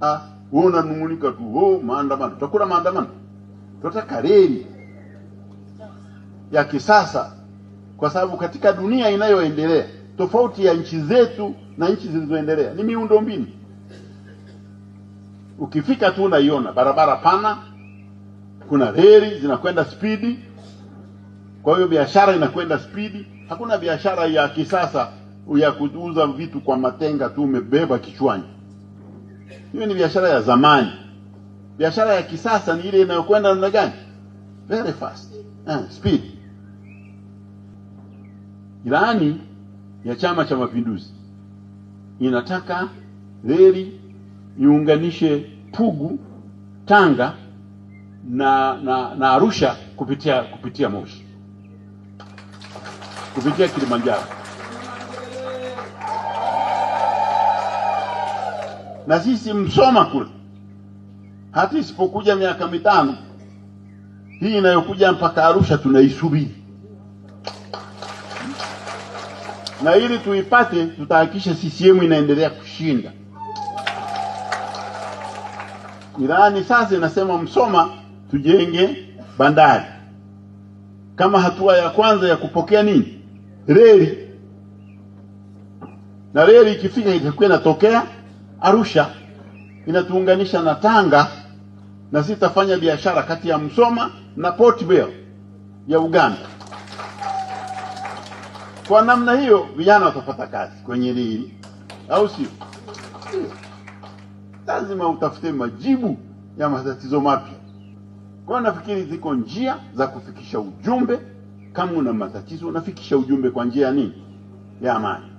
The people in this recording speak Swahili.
ah, wewe unanung'unika tu, oh, maandamano. Tutakula maandamano, tunataka reli ya kisasa, kwa sababu katika dunia inayoendelea tofauti ya nchi zetu na nchi zilizoendelea ni miundombinu. Ukifika tu unaiona barabara pana, kuna reli zinakwenda spidi, kwa hiyo biashara inakwenda spidi. Hakuna biashara ya kisasa ya kuuza vitu kwa matenga tu umebeba kichwani. Hiyo ni biashara ya zamani. Biashara ya kisasa ni ile inayokwenda namna gani? Very fast. Eh, speed. Ilani ya Chama cha Mapinduzi inataka reli iunganishe Pugu, Tanga na, na, na Arusha kupitia kupitia Moshi, kupitia Kilimanjaro. na sisi Msoma kule, hata isipokuja miaka mitano hii inayokuja mpaka Arusha tunaisubiri, na ili tuipate, tutahakikisha CCM inaendelea kushinda. Ilani sasa inasema Msoma tujenge bandari kama hatua ya kwanza ya kupokea nini, reli, na reli ikifika itakuwa inatokea Arusha inatuunganisha na Tanga na sitafanya biashara kati ya Msoma na Port Bell ya Uganda. Kwa namna hiyo vijana watapata kazi kwenye hili, au sio? Lazima utafute majibu ya matatizo mapya. Kwa nafikiri ziko njia za kufikisha ujumbe. Kama una matatizo, unafikisha ujumbe kwa njia ya nini? Ya amani.